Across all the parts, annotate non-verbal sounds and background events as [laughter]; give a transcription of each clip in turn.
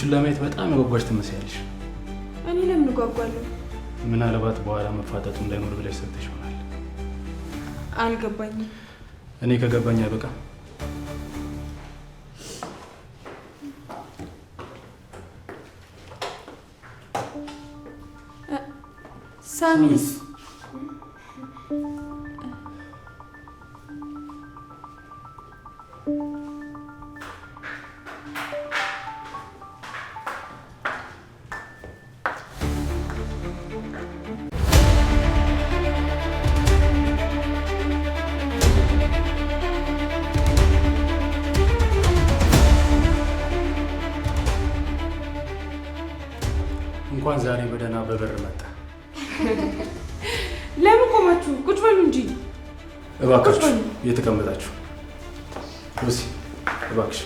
ነገሮችን ለማየት በጣም የጓጓሽ ትመስያለሽ። እኔ ለምን እጓጓለሁ? ምናልባት በኋላ መፋጠጡ እንዳይኖር ብለሽ ሰጥተሽ ይሆናል። አልገባኝም። እኔ ከገባኝ በቃ ሳሚስ እንኳን ዛሬ በደህና በበር መጣ። [laughs] ለምን ቆማችሁ? ቁጭ በሉ እንጂ እባካችሁ። እየተቀመጣችሁ እባክሽ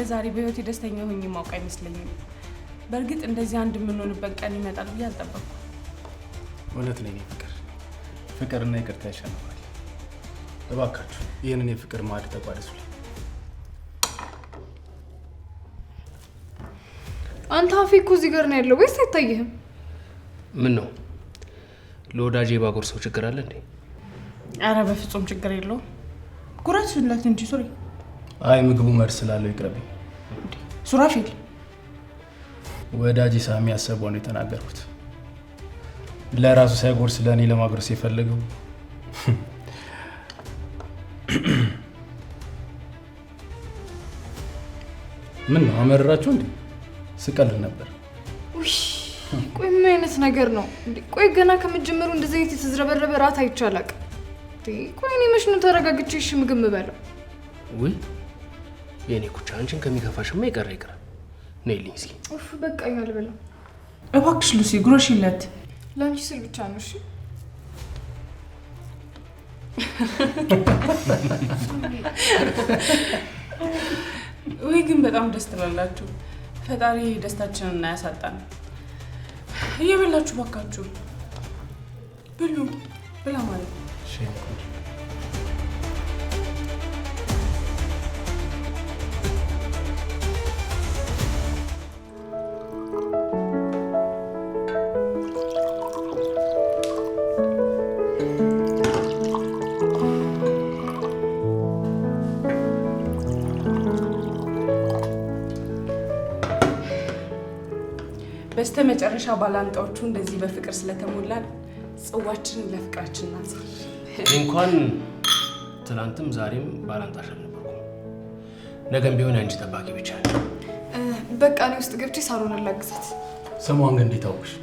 እንደ ዛሬ በህይወቴ ደስተኛ ሆኜ ማውቅ አይመስለኝም። በእርግጥ እንደዚህ አንድ የምንሆንበት ቀን ይመጣል ብዬ አልጠበቅኩም። እውነት ነው ፍቅር፣ ፍቅርና ይቅርታ ያሸንፋል። እባካችሁ ይህንን የፍቅር ማዕድ ተቋደሱ። አንተ አፌ እኮ እዚህ ጋር ነው ያለው ወይስ አይታይህም? ምን ነው ለወዳጅ የባጎር ሰው ችግር አለ እንዴ? አረ በፍጹም ችግር የለውም። ጉራት ላት እንጂ ሶሪ አይ ምግቡ መርዝ ስላለው ይቅረብኝ። ሱራፌል ወዳጅ ሳሚ ያሰበው ነው የተናገርኩት። ለራሱ ሳይጎርስ ለእኔ ለማጉረስ የፈለገው [clears throat] ምን ነው አመረራችሁ እንዴ? ስቀልል ነበር። ቆይ ምን አይነት ነገር ነው? ቆይ ገና ከመጀመሩ እንደዚህ አይነት የተዝረበረበ ራት አይቻላቅ። ቆይ እኔ መች ተረጋግቼ እሺ ምግብ ምበለው? ውይ የእኔ ኩቻ አንቺን ከሚከፋሽማ የቀረ ይቅራል። ነይልኝ እስኪ። ኡፍ በቃ በቃኛል ብለው እባክሽ ሉሲ ግሮሽ ጉረሽለት። ለአንቺ ስል ብቻ ነው እሺ? ወይ ግን በጣም ደስ ትላላችሁ። ፈጣሪ ደስታችንን እናያሳጣን። እየበላችሁ ባካችሁ ብሉ ብላ ማለት መጨረሻ ባላንጣዎቹ እንደዚህ በፍቅር ስለተሞላን ጽዋችን ለፍቅራችን ናት። እንኳን ትናንትም ዛሬም ባላንጣሽ አልነበርኩም። ነገም ቢሆን አንቺ ጠባቂ ብቻ በቃ እኔ ውስጥ ገብቼ ሳሮን አላግዛት። ስሟን ግን እንዴት አወቅሽ?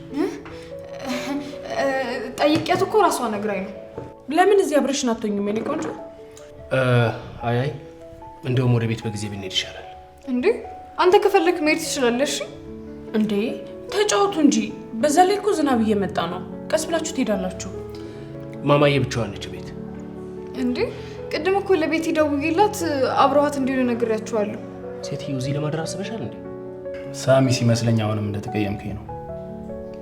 ጠይቄያት እኮ ራሷ ነግራኝ ነው። ለምን እዚህ አብረሽን አትሆኝም? የእኔ ቆንጆ አይ አይ፣ እንደውም ወደ ቤት በጊዜ ብንሄድ ይሻላል። እንዴ አንተ ከፈለክ መሄድ ትችላለሽ እንዴ ተጫወቱ እንጂ። በዛ ላይ እኮ ዝናብ እየመጣ ነው። ቀስ ብላችሁ ትሄዳላችሁ። ማማዬ ብቻዋን ነች ቤት እንዴ? ቅድም እኮ ለቤት ደውዬላት አብረዋት እንዲሆነ ነግሬያችኋለሁ። ሴትዮ እዚህ ለማደር አስበሻል እንዴ? ሳሚ ሲመስለኝ አሁንም እንደተቀየምከኝ ነው።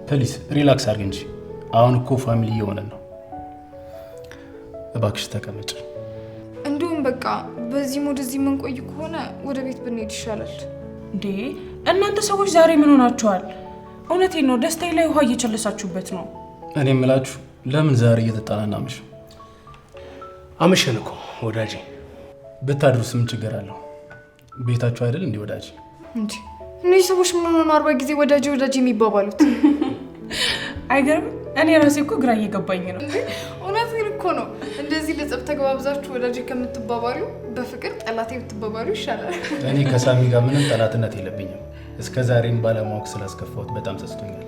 ፕሊስ ሪላክስ አድርግ እንጂ አሁን እኮ ፋሚሊ እየሆነን ነው። እባክሽ ተቀመጭ። እንዲሁም በቃ በዚህ ሙድ እዚህ የምንቆይ ከሆነ ወደ ቤት ብንሄድ ይሻላል። እንዴ እናንተ ሰዎች ዛሬ ምን ሆናችኋል? እውነቴን ነው። ደስታዬ ላይ ውሃ እየጨለሳችሁበት ነው። እኔ የምላችሁ ለምን ዛሬ እየተጣላን አመሽ? አመሸን እኮ ወዳጄ። ብታድሩስ ምን ችግር አለው? ቤታችሁ አይደል እንዲህ ወዳጄ። እንጂ። እነዚህ ሰዎች ምን ሆነ አርባ ጊዜ ወዳጄ ወዳጄ የሚባባሉት [laughs] አይገርምም? እኔ ራሴ እኮ ግራ እየገባኝ ነው። [laughs] እውነቴን እኮ ነው። እንደዚህ ለጸብ ተገባብዛችሁ ወዳጄ ከምትባባሪው በፍቅር ጠላቴ ብትባባሪው ይሻላል። እኔ ከሳሚ ጋር ምንም ጠላትነት የለብኝም። እስከ ዛሬም ባለማወቅ ስላስከፋሁት በጣም ጸጽቶኛል።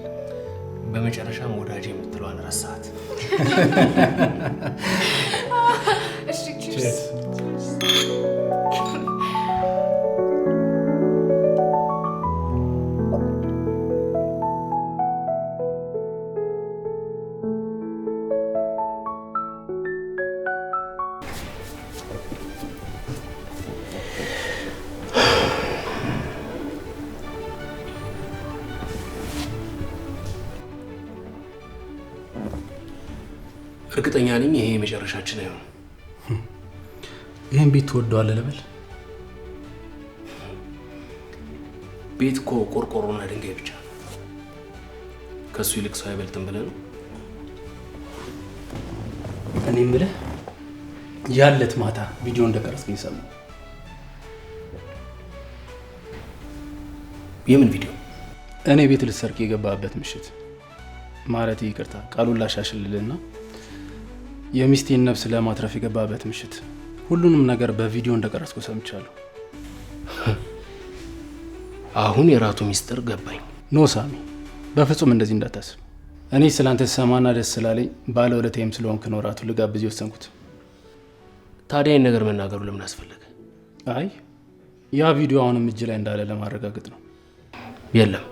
በመጨረሻም ወዳጅ የምትለዋን ረሳት። እርግጠኛ ነኝ ይሄ የመጨረሻችን አይሆንም። ይህን ቤት ትወደዋለህ ልበል? ቤት እኮ ቆርቆሮና ድንጋይ ብቻ ነው። ከእሱ ይልቅ ሰው አይበልጥም ብለህ ነው? እኔ የምልህ ያለት ማታ ቪዲዮ እንደቀረጽክኝ ሰማሁ። የምን ቪዲዮ? እኔ ቤት ልትሰርቅ የገባበት ምሽት። ማለቴ ይቅርታ ቃሉን ላሻሽልልና የሚስቴን ነፍስ ለማትረፍ የገባበት ምሽት ሁሉንም ነገር በቪዲዮ እንደቀረጽኩ ሰምቻለሁ። [laughs] አሁን የራቱ ሚስጥር ገባኝ። ኖ ሳሚ፣ በፍጹም እንደዚህ እንዳታስብ። እኔ አንተ ሰማና ደስ ስላለኝ ባለ ውለታዬም ስለሆንክ ነው ራቱ ልጋብዝ የወሰንኩት። ታዲያ ይህን ነገር መናገሩ ለምን አስፈለገ? አይ ያ ቪዲዮ አሁንም እጅ ላይ እንዳለ ለማረጋገጥ ነው። የለም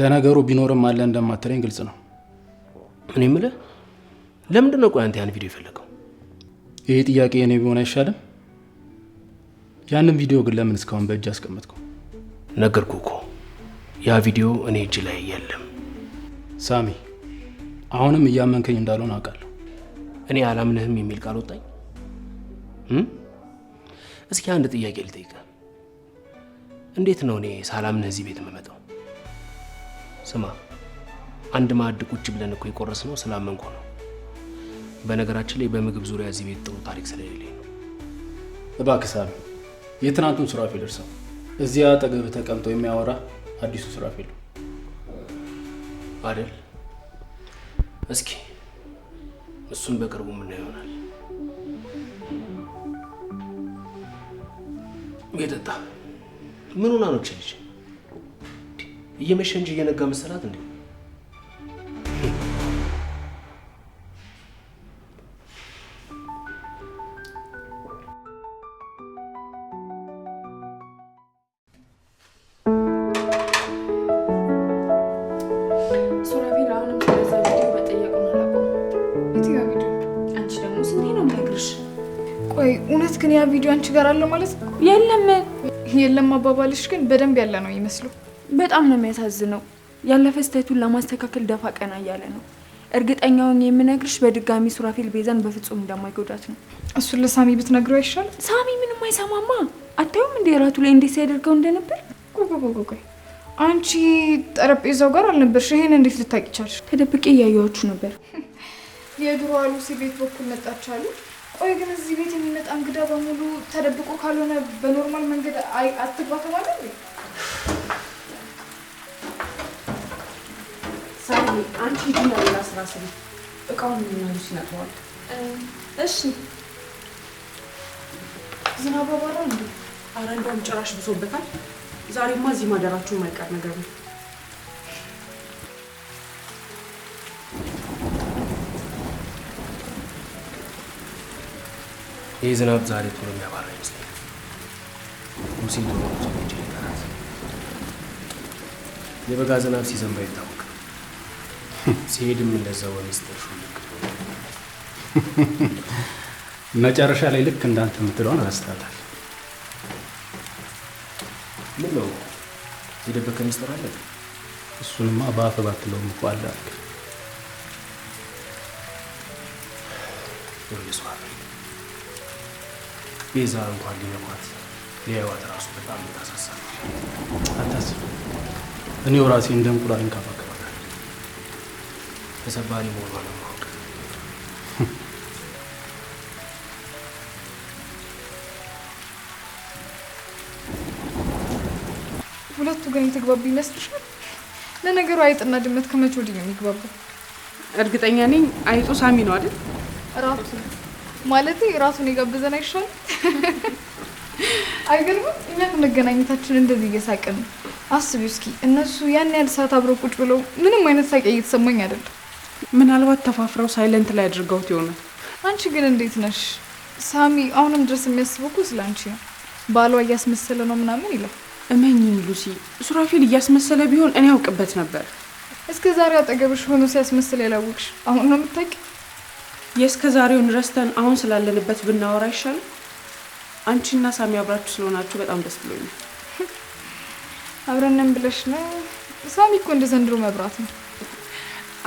ለነገሩ ቢኖርም አለ እንደማትለኝ ግልጽ ነው። እኔ የምልህ ለምንድን ነው ቆይ አንተ ያን ቪዲዮ የፈለገው? ይሄ ጥያቄ እኔ ቢሆን አይሻልም? ያንን ቪዲዮ ግን ለምን እስካሁን በእጅ አስቀመጥከው? ነገርኩ እኮ ያ ቪዲዮ እኔ እጅ ላይ የለም። ሳሚ አሁንም እያመንከኝ እንዳልሆን አውቃለሁ። እኔ አላምንህም የሚል ቃል ወጣኝ። እስኪ አንድ ጥያቄ ልጠይቅህ። እንዴት ነው እኔ ሳላምንህ እዚህ ቤት የምመጣው? ስማ አንድ ማዕድ ቁጭ ብለን እኮ የቆረስነው ስላመንኩ ነው በነገራችን ላይ በምግብ ዙሪያ እዚህ ቤት ጥሩ ታሪክ ስለሌለኝ ነው። እባክህ ሳሚ፣ የትናንቱን ሱራፌል እርሳው። እዚያ አጠገብህ ተቀምጦ የሚያወራ አዲሱ ሱራፌል አይደል? እስኪ እሱን በቅርቡ የምናየው ይሆናል። የጠጣ ምን ሆና ነው ልጅ? እየመሸ እንጂ እየነጋ መሰላት እንዴ? ቆይ እውነት ግን ያ ቪዲዮ አንቺ ጋር አለ ማለት ነው? የለም የለም። አባባልሽ ግን በደንብ ያለ ነው ይመስሉ። በጣም ነው የሚያሳዝነው። ያለፈ ስህተቱን ለማስተካከል ደፋ ቀና እያለ ነው። እርግጠኛውን የምነግርሽ በድጋሚ ሱራፌል ቤዛን በፍጹም እንደማይጎዳት ነው። እሱን ለሳሚ ብትነግረው አይሻልም? ሳሚ ምንም አይሰማማ። አታዩም እንዴ ራቱ ላይ እንዴት ሲያደርገው እንደነበር። ቆይ አንቺ ጠረጴዛው ጋር አልነበርሽ? ይሄን እንዴት ልታቂ ቻልሽ? ተደብቄ እያየኋችሁ ነበር። የድሮ አሉ ቤት በኩል መጣች አሉ ቆይ ግን እዚህ ቤት የሚመጣ እንግዳ በሙሉ ተደብቆ ካልሆነ በኖርማል መንገድ አትግባ ተባለ አንቺ ሂጂና ሌላ ስራ ስሪ። እቃውን የሚመሉሽ ሲነጥዋል። እሺ ዝናብ አባራ እንዴ? አረ እንደውም ጭራሽ ብሶበታል። ዛሬማ እዚህ ማደራችሁን ማይቀር ነገር ነው። ይህ ዝናብ ዛሬ ቶሎ የሚያባራ ይመስለኛል። ሙሴ የበጋ ዝናብ ሲዘንብ ይታወቅ [laughs] ሲሄድም እንደዛው በሚስጥር ሹልክ [laughs] መጨረሻ ላይ ልክ እንዳንተ የምትለውን ረስታታል። ምን ነው የደበከ ሚስጥር አለ? እሱንማ በአፈ ባትለው እኮ አለ። ይኸውልህ ቤዛ እንኳን ሊነኳት ሊያዩዋት ራሱ በጣም ታሳሳል። አታስብ፣ እኔው ራሴ እንደ እንቁላል እንከባከባታል። ተሰባሪ መሆኗን ማወቅ ሁለቱ ጋር የተግባቡ ይመስልሻል? ለነገሩ አይጥና ድመት ከመቼ ወዲህ ነው የሚግባቡ? እርግጠኛ ነኝ አይጡ ሳሚ ነው አይደል? ራሱ ማለት ራሱን የጋብዘን አይሻል አይገርምም? እኛ ከመገናኘታችን እንደዚህ እየሳቅን አስቢ እስኪ እነሱ ያን ያህል ሰዓት አብረው ቁጭ ብለው ምንም አይነት ሳቅ እየተሰማኝ አይደለም። ምናልባት ተፋፍረው ሳይለንት ላይ አድርገውት ይሆናል። አንቺ ግን እንዴት ነሽ ሳሚ? አሁንም ድረስ የሚያስበው እኮ ስለ አንቺ ነው። ባሏ እያስመሰለ ነው ምናምን ይለው! እመኝኝ ሉሲ፣ ሱራፊል እያስመሰለ ቢሆን እኔ ያውቅበት ነበር። እስከ ዛሬ አጠገብሽ ሆኖ ሲያስመስል ያላወቅሽ አሁን ነው የምታውቂ የእስከ ዛሬውን ረስተን አሁን ስላለንበት ብናወራ ይሻል። አንቺና ሳሚ አብራችሁ ስለሆናችሁ በጣም ደስ ብሎኛል። አብረንም ብለሽ ነው። ሳሚ እኮ እንደ ዘንድሮ መብራት ነው።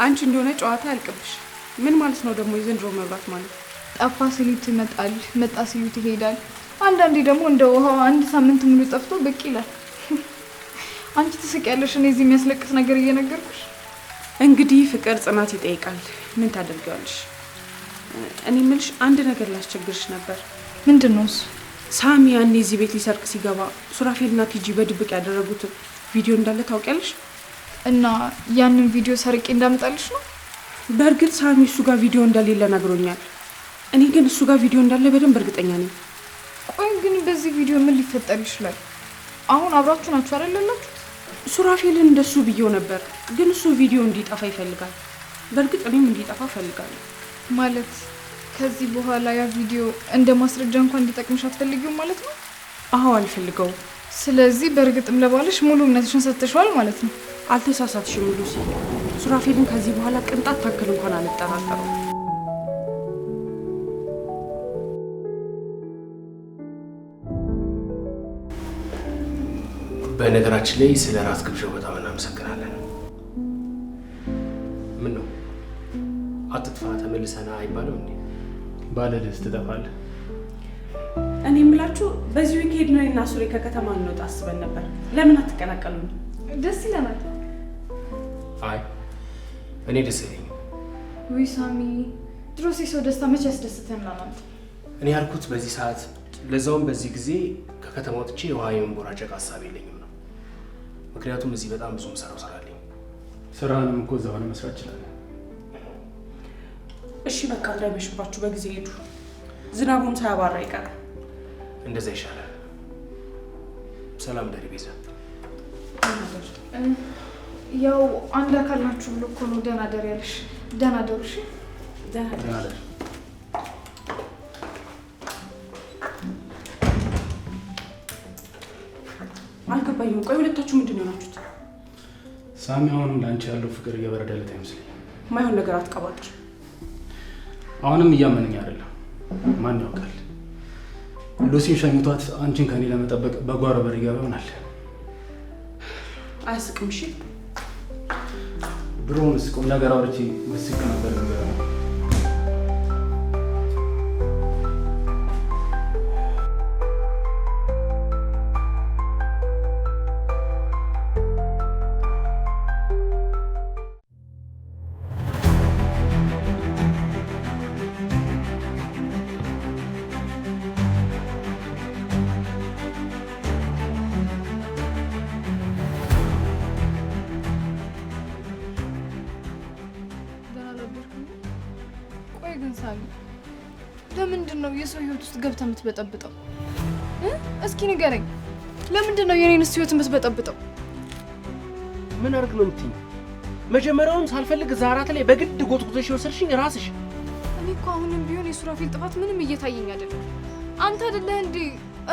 አንቺ እንደሆነ ጨዋታ ያልቅብሽ። ምን ማለት ነው ደግሞ የዘንድሮ መብራት ማለት? ጠፋ ሲሉት ይመጣል፣ መጣ ሲሉት ይሄዳል። አንዳንዴ ደግሞ እንደ ውሃው አንድ ሳምንት ሙሉ ጠፍቶ ብቅ ይላል። አንቺ ትስቂያለሽ፣ እኔ እዚህ የሚያስለቅስ ነገር እየነገርኩሽ። እንግዲህ ፍቅር ጽናት ይጠይቃል። ምን ታደርጊዋለሽ? እኔ ምልሽ አንድ ነገር ላስቸግርሽ ነበር። ምንድን ነው እሱ? ሳሚ ያኔ እዚህ ቤት ሊሰርቅ ሲገባ ሱራፌልና ቲጂ በድብቅ ያደረጉት ቪዲዮ እንዳለ ታውቂያለሽ? እና ያንን ቪዲዮ ሰርቄ እንዳመጣልሽ ነው? በእርግጥ ሳሚ እሱ ጋር ቪዲዮ እንደሌለ ነግሮኛል። እኔ ግን እሱ ጋር ቪዲዮ እንዳለ በደንብ እርግጠኛ ነኝ። ቆይ ግን በዚህ ቪዲዮ ምን ሊፈጠር ይችላል? አሁን አብራችሁ ናችሁ አይደለላችሁ? ሱራፌልን እንደሱ ብዬው ነበር፣ ግን እሱ ቪዲዮ እንዲጠፋ ይፈልጋል። በእርግጥ እኔም እንዲጠፋ እፈልጋለሁ። ማለት ከዚህ በኋላ ያ ቪዲዮ እንደ ማስረጃ እንኳን እንዲጠቅምሽ አትፈልጊውም ማለት ነው? አዎ አልፈልገው። ስለዚህ በእርግጥም ለባልሽ ሙሉ እምነትሽን ሰጥተሽዋል ማለት ነው? አልተሳሳትሽም ሉሲ። ሱራፌልን ከዚህ በኋላ ቅንጣት ታክል እንኳን አልጠራጠረው። በነገራችን ላይ ስለ ራስ ግብዣው በጣም እናመሰግናለን። ምን ነው አትጥፋ ተመልሰና አይባልም እንዴ? ባለደስ ትጠፋል። እኔ የምላችሁ በዚህ ዊኬድ ነው እና ሱሬ ከከተማ እንወጣ አስበን ነበር። ለምን አትቀላቀሉም? ደስ ይለናል። አይ እኔ ደስ ይለኝ። ውይ ሳሚ፣ ድሮስ የሰው ደስታ መቼ ያስደስተን? ያስደስተናል? እኔ ያልኩት በዚህ ሰዓት ለዛውም በዚህ ጊዜ ከከተማ ወጥቼ የውሃ የመንቦራጨቅ ሀሳብ የለኝም ነው። ምክንያቱም እዚህ በጣም ብዙ ምሰራው ስራ አለኝ። ስራንም እኮ እዛ ሆነ መስራት ይችላል እሺ በቃ እንዳይመሽባችሁ በጊዜ ሄዱ። ዝናቡም ሳያባራ ይቀር። እንደዛ ይሻላል። ሰላም ደሪ ቤዛ። ያው አንድ አካል ናችሁ ብሎ እኮ ነው ደህና ደር ያለሽ። ደህና ደር። እሺ ደህና ደር። አልገባኝም። ቆይ ሁለታችሁ ምንድን ነው የሆናችሁት? ሳሚ አሁንም ለአንቺ ያለው ፍቅር እየበረደለት አይመስለኝም። ማይሆን ነገር አትቀባጥር አሁንም እያመነኝ አይደለም። ማን ያውቃል ሉሲን ሸኝቷት አንቺን ከኔ ለመጠበቅ በጓሮ በር ይገባ ይሆናል። አያስቅም? እሺ ብሩን ስቁም ነገር አውርቼ ምስክ ነበር ነገር ነው ነው የሰው ህይወት ውስጥ ገብተ የምትበጠብጠው? እስኪ ንገረኝ፣ ለምንድን ነው የኔንስ ህይወት የምትበጠብጠው? ምን አርግ ነው የምትይኝ? መጀመሪያውም ሳልፈልግ ዛራት ላይ በግድ ጎትጉዘሽ የወሰድሽኝ ራስሽ። እኔ እኮ አሁንም ቢሆን የሱራፊል ጥፋት ምንም እየታየኝ አይደለም። አንተ አይደለህ እንዴ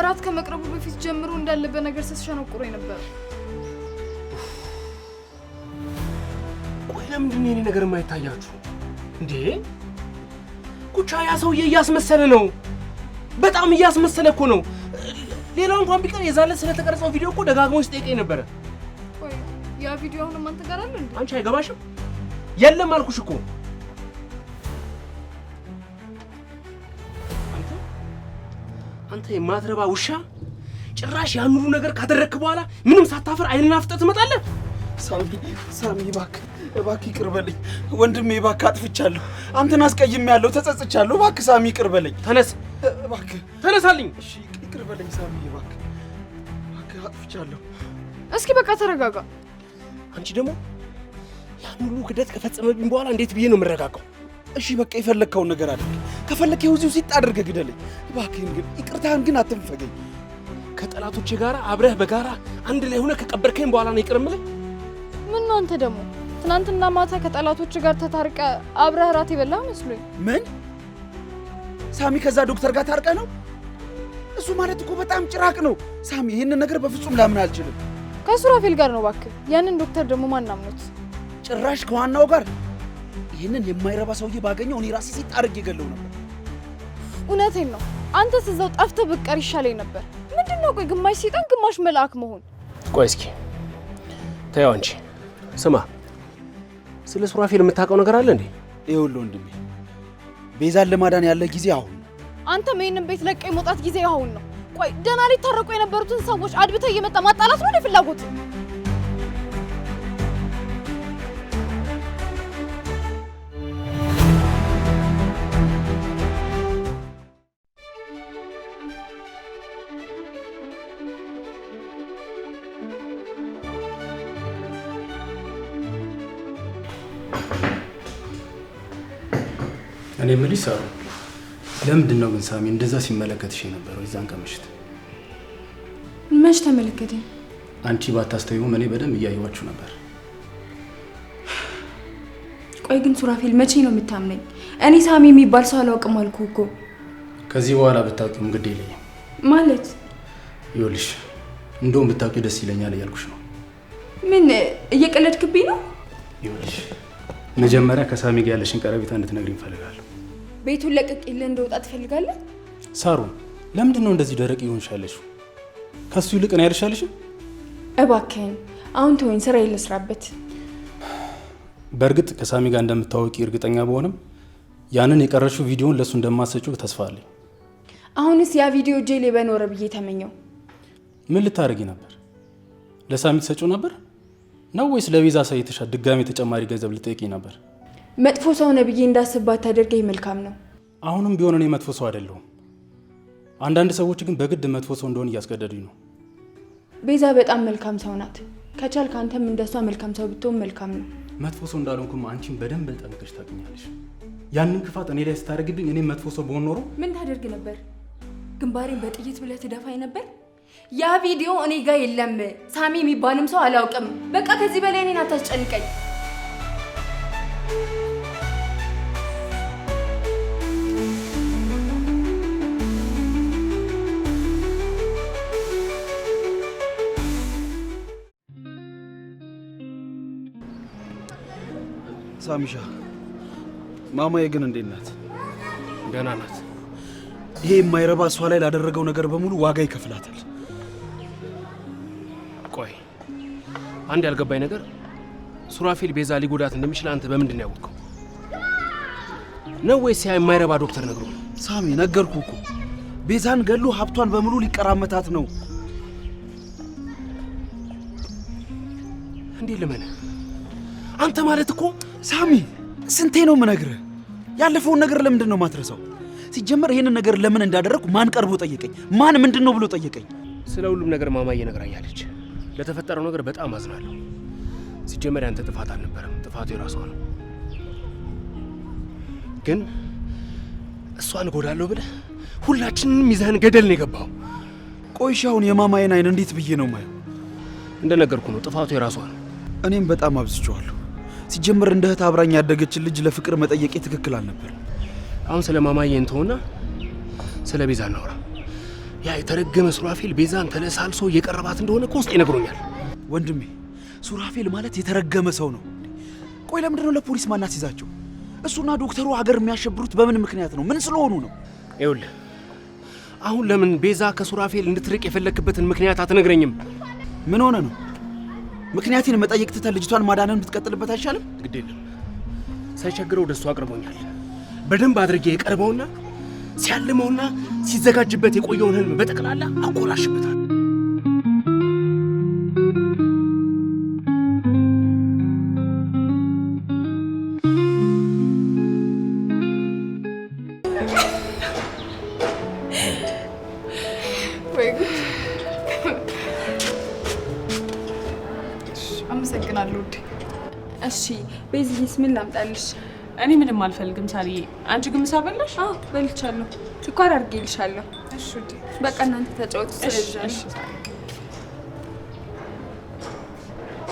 እራት ከመቅረቡ በፊት ጀምሮ እንዳለበት ነገር ስትሸነቁሮ ነበር። ቆይ ለምንድን ነው የኔ ነገር የማይታያችሁ እንዴ? ኩቻ ያ ሰውዬ እያስመሰለ ነው። በጣም እያስመሰለ እኮ ነው። ሌላው እንኳን ቢቀር የዛለ ስለተቀረጸው ቪዲዮ እኮ ደጋግሞ ሲጠይቀኝ ነበረ። ያ ቪዲዮ አሁንም አንተ ጋር አለ እንዴ? አንቺ አይገባሽም። የለም አልኩሽ እኮ አንተ አንተ የማትረባ ውሻ ጭራሽ ያኑሩ ነገር ካደረክ በኋላ ምንም ሳታፈር አይንና ፍጠት ትመጣለህ። ሳሚ ሳሚ እባክህ እባክህ ይቅር በለኝ ወንድሜ፣ እባክህ አጥፍቻለሁ፣ አንተን አስቀይሜያለሁ፣ ተጸጽቻለሁ። እባክህ ሳሚ ይቅር በለኝ። ተነስ እባክህ፣ ተነሳልኝ። እሺ ይቅር በለኝ ሳሚ፣ እባክህ እባክህ፣ አጥፍቻለሁ። እስኪ በቃ ተረጋጋ። አንቺ ደግሞ ያን ሁሉ ክደት ከፈጸመብኝ በኋላ እንዴት ብዬ ነው የምረጋጋው? እሺ በቃ የፈለግከውን ነገር አድርግ። ከፈለክ ይኸው እዚሁ ሲጥ አድርገህ ግደለኝ። እባክህን ግን ይቅርታህን ግን አትንፈገኝ። ከጠላቶቼ ጋር አብረህ በጋራ አንድ ላይ ሆነ ከቀበርከኝ በኋላ ነው ይቅር እምልህ። ምን ነው አንተ ደግሞ ትናንትና ማታ ከጠላቶች ጋር ተታርቀ አብረህ እራት የበላ መስሎኝ። ምን ሳሚ፣ ከዛ ዶክተር ጋር ታርቀ ነው? እሱ ማለት እኮ በጣም ጭራቅ ነው ሳሚ። ይህንን ነገር በፍጹም ላምን አልችልም። ከሱራፌል ጋር ነው እባክህ። ያንን ዶክተር ደግሞ ማናምኑት? ጭራሽ ከዋናው ጋር ይህንን የማይረባ ሰውዬ ባገኘው እኔ ራሴ ሴት አድርጌ ገለው ነበር። እውነቴን ነው። አንተስ እዛው ጠፍተህ ብትቀር ይሻለኝ ነበር። ምንድን ነው ቆይ፣ ግማሽ ሰይጣን ግማሽ መልአክ መሆን? ቆይ እስኪ ተያው እንጂ ስማ ስለ ሱራፌል የምታውቀው ነገር አለ እንዴ? ሁሉ ወንድሜ፣ ቤዛን ለማዳን ያለ ጊዜ አሁን። አንተም ይህንን ቤት ለቀ መውጣት ጊዜ አሁን ነው። ቆይ ደህና ሊታረቁ የነበሩትን ሰዎች አድብተ እየመጣ ማጣላት ነው ፍላጎት እኔ የምልሽ ሳሩ፣ ለምንድን ነው ግን ሳሚ እንደዛ ሲመለከትሽ የነበረው የዛን ቀን ምሽት? መች ተመለከተኝ? አንቺ ባታስተውይውም እኔ በደንብ እያየኋችሁ ነበር። ቆይ ግን ሱራፌል፣ መቼ ነው የምታምነኝ? እኔ ሳሚ የሚባል ሰው አላውቅም አልኩ እኮ። ከዚህ በኋላ ብታውቂውም ግድ የለኝም ማለት ይኸውልሽ፣ እንደውም ብታውቂው ደስ ይለኛል እያልኩሽ ነው። ምን እየቀለድክብኝ ነው? ይኸውልሽ መጀመሪያ ከሳሚ ጋር ያለሽን ቀረቤታ እንድትነግሪኝ እፈልጋለሁ። ቤቱን ለቅቄልህ እንደወጣ ትፈልጋለህ? ሳሩ ለምንድን ነው እንደዚህ ደረቅ ይሆንሻለሽ? ከሱ ይልቅ ነው ያልሻልሽም። እባክህን አሁን ተወኝ፣ ስራ የለስራበት። በእርግጥ ከሳሚ ጋር እንደምታወቂ እርግጠኛ በሆነም ያንን የቀረሽው ቪዲዮን ለእሱ እንደማሰጪው ተስፋ አለኝ። አሁንስ ያ ቪዲዮ እጄ ላይ በኖረ ብዬ ተመኘው። ምን ልታደርጊ ነበር? ለሳሚ ትሰጪው ነበር ነው ወይስ ለቤዛ ሳይተሻ ድጋሚ ተጨማሪ ገንዘብ ልጠይቂ ነበር? መጥፎ ሰው ነህ ብዬ እንዳስብ ባታደርገኝ መልካም ነው። አሁንም ቢሆን እኔ መጥፎ ሰው አይደለሁም። አንዳንድ ሰዎች ግን በግድ መጥፎ ሰው እንደሆን እያስገደዱኝ ነው። ቤዛ በጣም መልካም ሰው ናት። ከቻልክ አንተም እንደሷ መልካም ሰው ብትሆን መልካም ነው። መጥፎ ሰው እንዳልሆንኩም አንቺን በደንብ ጠንቅቀሽ ታገኛለሽ። ያንን ክፋት እኔ ላይ ስታደርግብኝ እኔም መጥፎ ሰው በሆን ኖሮ ምን ታደርግ ነበር? ግንባሬን በጥይት ብለህ ትደፋኝ ነበር? ያ ቪዲዮ እኔ ጋር የለም። ሳሚ የሚባልም ሰው አላውቅም። በቃ ከዚህ በላይ እኔን አታስጨንቀኝ። ሳሚሻ፣ ማማዬ ግን እንዴት ናት? ደህና ናት። ይሄ የማይረባ እሷ ላይ ላደረገው ነገር በሙሉ ዋጋ ይከፍላታል። ቆይ አንድ ያልገባኝ ነገር ሱራፌል ቤዛ ሊጎዳት እንደሚችል አንተ በምንድን ነው ያወቅከው? ነው ወይስ ያ የማይረባ ዶክተር ነግሮ? ሳሚ፣ ነገርኩ እኮ ቤዛን ገሉ ሀብቷን በሙሉ ሊቀራመታት ነው። እንዴ ልመነ አንተ ማለት እኮ ሳሚ፣ ስንቴ ነው የምነግርህ? ያለፈውን ነገር ለምንድን ነው ማትረሳው? ሲጀመር ይህንን ነገር ለምን እንዳደረግኩ ማን ቀርቦ ጠየቀኝ? ማን ምንድን ነው ብሎ ጠየቀኝ? ስለ ሁሉም ነገር ማማዬ ነግራኛለች። ለተፈጠረው ነገር በጣም አዝናለሁ። ሲጀመር ያንተ ጥፋት አልነበረም፣ ጥፋቱ የራሷ ነው። ግን እሷን እጎዳለሁ ብለህ ሁላችንንም ይዘህን ገደል ነው የገባው። ቆይሻውን የማማዬን አይን እንዴት ብዬ ነው ማየው? እንደነገርኩ ነው፣ ጥፋቱ የራሷ ነው። እኔም በጣም አብዝቼዋለሁ። ሲጀምር እንደ እህት አብራኝ ያደገችን ልጅ ለፍቅር መጠየቄ ትክክል አልነበር። አሁን ስለ ማማዬ እንተውና ስለ ቤዛ እናውራ። ያ የተረገመ ሱራፌል ቤዛን ተለሳልሶ እየቀረባት እንደሆነ እኮ ውስጥ ይነግሮኛል። ወንድሜ ሱራፌል ማለት የተረገመ ሰው ነው። ቆይ ለምንድን ነው ለፖሊስ ማናት ይዛቸው? እሱና ዶክተሩ ሀገር የሚያሸብሩት በምን ምክንያት ነው? ምን ስለሆኑ ነው? ይውል አሁን ለምን ቤዛ ከሱራፌል እንድትርቅ የፈለክበትን ምክንያት አትነግረኝም? ምን ሆነ ነው ምክንያቴን መጠየቅ ትተህ ልጅቷን ማዳነን ብትቀጥልበት አይቻልም? ግድ የለም ሳይቸግረው ወደ እሱ አቅርቦኛል። በደንብ አድርጌ የቀርበውና ሲያልመውና ሲዘጋጅበት የቆየውን ህልም በጠቅላላ አኮላሽበታል። እሺ ቤዚስ፣ ምን ላምጣልሽ? እኔ ምንም አልፈልግም ሳልዬ። አንቺ ግን ምሳ በላሽ? አዎ በልቻለሁ። ትኳር አድርጌልሻለሁ። እሺ በቃ እናንተ ተጫወቱ። ስለዚህ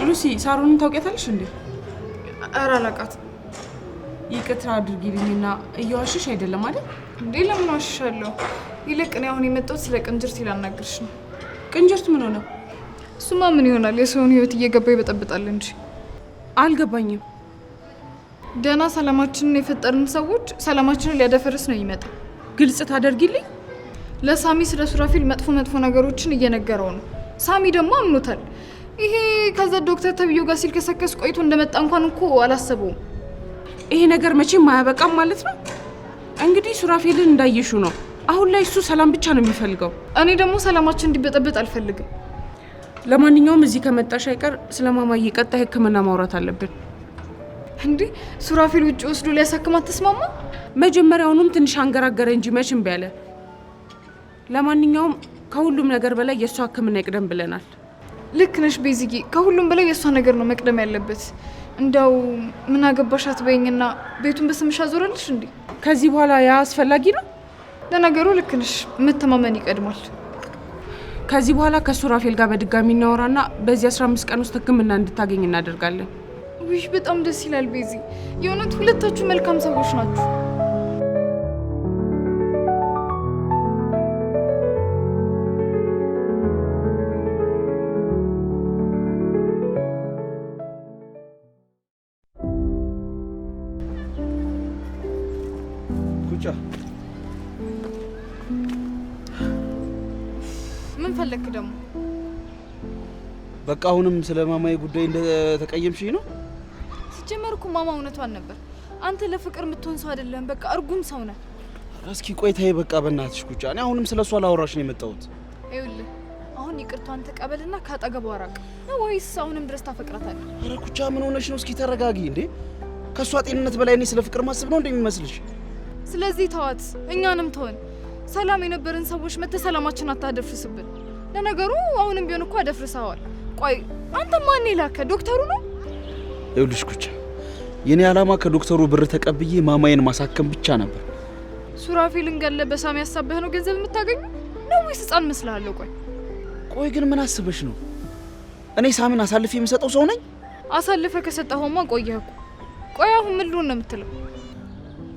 ሉሲ፣ ሳሮንን ታውቂያታለሽ እንዴ? ኧረ አላውቃትም። ይቅርታ አድርጊልኝና እየዋሽሽ አይደለም አይደል እንዴ? ለምን ዋሽሻለሁ? ይልቅ እኔ አሁን የመጣሁት ስለ ቅንጅርት ላናግርሽ ነው። ቅንጅርት ምን ሆነ? እሱማ ምን ይሆናል፣ የሰውን ህይወት እየገባ ይበጠብጣል እንጂ አልገባኝም። ደህና ሰላማችንን የፈጠርን ሰዎች ሰላማችንን ሊያደፈርስ ነው ይመጣል። ግልጽ ታደርጊልኝ። ለሳሚ ስለ ሱራፊል መጥፎ መጥፎ ነገሮችን እየነገረው ነው። ሳሚ ደግሞ አምኖታል። ይሄ ከዛ ዶክተር ተብዮ ጋር ሲልከሰከስ ቆይቶ እንደመጣ እንኳን እኮ አላሰበውም። ይሄ ነገር መቼም አያበቃም ማለት ነው። እንግዲህ ሱራፌልን እንዳየሹ ነው። አሁን ላይ እሱ ሰላም ብቻ ነው የሚፈልገው። እኔ ደግሞ ሰላማችን እንዲበጠበጥ አልፈልግም። ለማንኛውም እዚህ ከመጣሽ አይቀር ስለ ማማዬ ቀጣይ ህክምና ማውራት አለብን። እንዲህ ሱራፊል ውጭ ወስዶ ሊያሳክማት ተስማማ? መጀመሪያውኑም ትንሽ አንገራገረ እንጂ መች ቢያለ። ለማንኛውም ከሁሉም ነገር በላይ የእሷ ህክምና ይቅደም ብለናል። ልክ ነሽ ቤዚጌ፣ ከሁሉም በላይ የእሷ ነገር ነው መቅደም ያለበት። እንደው ምን አገባሻት በይኝና ቤቱን በስምሽ አዞረልሽ እንዴ? ከዚህ በኋላ ያ አስፈላጊ ነው። ለነገሩ ልክ ነሽ፣ መተማመን ይቀድማል። ከዚህ በኋላ ከእሱ ራፌል ጋር በድጋሚ እናወራና በዚህ 15 ቀን ውስጥ ሕክምና እንድታገኝ እናደርጋለን። ውሽ በጣም ደስ ይላል ቤዚ። የእውነት ሁለታችሁ መልካም ሰዎች ናችሁ። በቃ አሁንም ስለ ማማዬ ጉዳይ እንደተቀየምሽኝ ነው? ሲጀመር እኮ ማማ እውነቷን ነበር። አንተ ለፍቅር የምትሆን ሰው አይደለም፣ በቃ እርጉም ሰው ነህ። እስኪ ቆይታዬ በቃ በእናትሽ ኩቻ። እኔ አሁንም ስለ እሷ ላወራሽ ነው የመጣሁት። ይኸውልህ አሁን ይቅርቷን ተቀበልና ካጠገቧ ራቅ፣ ወይስ አሁንም ድረስ ታፈቅራታለህ? ኧረ ኩቻ ምን ሆነሽ ነው? እስኪ ተረጋጊ እንዴ። ከእሷ ጤንነት በላይ እኔ ስለ ፍቅር ማስብ ነው እንደሚመስልሽ? ስለዚህ ተዋት፣ እኛንም ተሆን ሰላም የነበረን ሰዎች መተ ሰላማችን አታደፍርስብን። ለነገሩ አሁንም ቢሆን እኮ አደፍርሰዋል። ቆይ አንተ ማን ላከ? ዶክተሩ ነው? ይኸውልሽ ኩቻ፣ የኔ ዓላማ ከዶክተሩ ብር ተቀብዬ ማማዬን ማሳከም ብቻ ነበር። ሱራፌልን ገለ በሳሚ ያሳበህ ነው ገንዘብ የምታገኙ ነው ወይስ ህፃን መስላለሁ? ቆይ ቆይ ግን ምን አስበሽ ነው? እኔ ሳሚን አሳልፍ የምሰጠው ሰው ነኝ? አሳልፈ ከሰጠኸውማ ቆየኩ እኮ። ቆይ አሁን ምን ልሁን ነው የምትለው?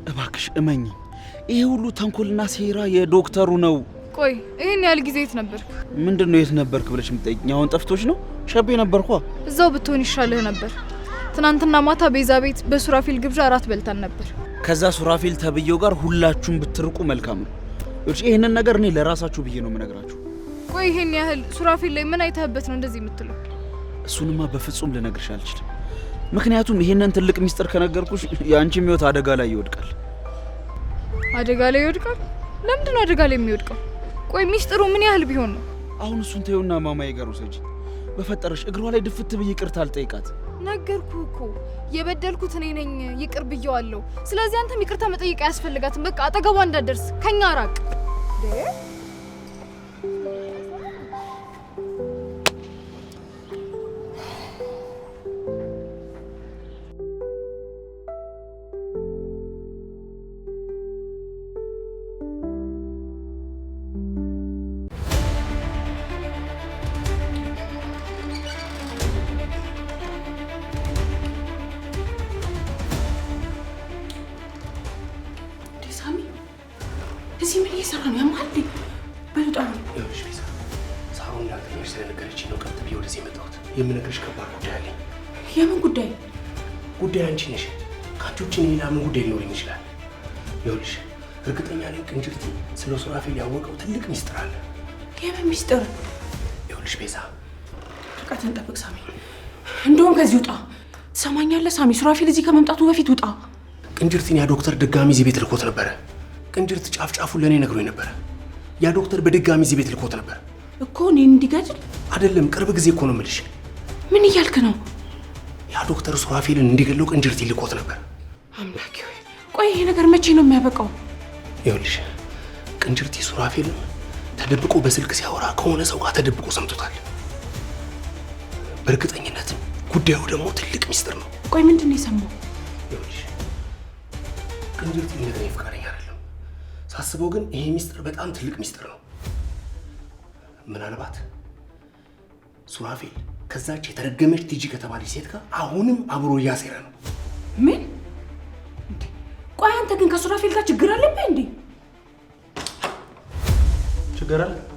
እባክሽ እመኝ፣ ይሄ ሁሉ ተንኮልና ሴራ የዶክተሩ ነው። ቆይ ይህን ያህል ጊዜ የት ነበርክ? ምንድን ነው የት ነበርክ ብለሽ አሁን ጠፍቶች ነው? ሸቤ ነበርኳ። እዛው ብትሆን ይሻልህ ነበር። ትናንትና ማታ ቤዛ ቤት በሱራፊል ግብዣ እራት በልታን ነበር። ከዛ ሱራፊል ተብዬው ጋር ሁላችሁም ብትርቁ መልካም ነው። ይህንን ነገር እኔ ለራሳችሁ ብዬ ነው የምነግራችሁ። ቆይ ይህን ያህል ሱራፊል ላይ ምን አይተህበት ነው እንደዚህ የምትለው? እሱንማ በፍጹም ልነግርሽ አልችልም። ምክንያቱም ይህንን ትልቅ ሚስጥር ከነገርኩሽ የአንቺም ሕይወት አደጋ ላይ ይወድቃል። አደጋ ላይ ይወድቃል? ለምንድን ነው አደጋ ላይ የሚወድቀው? ቆይ ሚስጥሩ ምን ያህል ቢሆን ነው? አሁን እሱን ተይውና ማማዬ ጋር ውሰጂ። በፈጠረሽ እግሯ ላይ ድፍት ብዬ ይቅርታ አልጠይቃት። ነገርኩ እኮ የበደልኩት እኔ ነኝ፣ ይቅር ብየዋለሁ። ስለዚህ አንተም ይቅርታ መጠየቅ አያስፈልጋትም። በቃ አጠገቧ እንዳደርስ ከኛ ራቅ። እዚህ ምን እየሰራ ነው? ያማል። በልጣ ይኸውልሽ፣ ቤዛ ሳሮን እንዳልተኛሽ ስለነገረችኝ ነው ቀጥ ብዬ ወደዚህ የመጣሁት። የምነግርሽ ከባድ ጉዳይ አለኝ። የምን ጉዳይ? ጉዳይ አንቺ ነሽ። ከአንቺ ሌላ ምን ጉዳይ ሊኖረኝ ይችላል? ይኸውልሽ፣ እርግጠኛ ነኝ ቅንጅርቲ ስለ ሱራፌል ያወቀው ትልቅ ሚስጥር አለ። የምን ሚስጥር? ይኸውልሽ ቤዛ፣ ርቀትን ጠብቅ። ሳሚ፣ እንደውም ከዚህ ውጣ። ትሰማኛለህ ሳሚ? ሱራፌል እዚህ ከመምጣቱ በፊት ውጣ። ቅንጅርትን ያ ዶክተር ድጋሚ እዚህ ቤት ልኮት ነበረ። ቅንጅርት ጫፍ ጫፉን ለእኔ ነግሮኝ ነበር። ያ ዶክተር በድጋሚ እዚህ ቤት ልኮት ነበር እኮ እኔ እንዲገድል። አይደለም ቅርብ ጊዜ እኮ ነው የምልሽ። ምን እያልክ ነው? ያ ዶክተር ሱራፌልን እንዲገለው ቅንጅርት ይልኮት ነበር። አምላኪ ሆይ፣ ቆይ ይሄ ነገር መቼ ነው የሚያበቃው? ይኸውልሽ ቅንጅርቲ ሱራፌልን ተደብቆ በስልክ ሲያወራ ከሆነ ሰው ጋር ተደብቆ ሰምቶታል። በእርግጠኝነት ጉዳዩ ደግሞ ትልቅ ሚስጥር ነው። ቆይ ምንድን ነው የሰማው? ይኸውልሽ ቅንጅርቲ ነገር ይፍቃሪ ሳስበው ግን ይሄ ሚስጥር በጣም ትልቅ ሚስጥር ነው። ምናልባት ሱራፌል ከዛች የተረገመች ቲጂ ከተባለች ሴት ጋር አሁንም አብሮ እያሴረ ነው። ምን? ቆይ አንተ ግን ከሱራፌል ጋር ችግር አለብህ እንዴ? ችግር አለ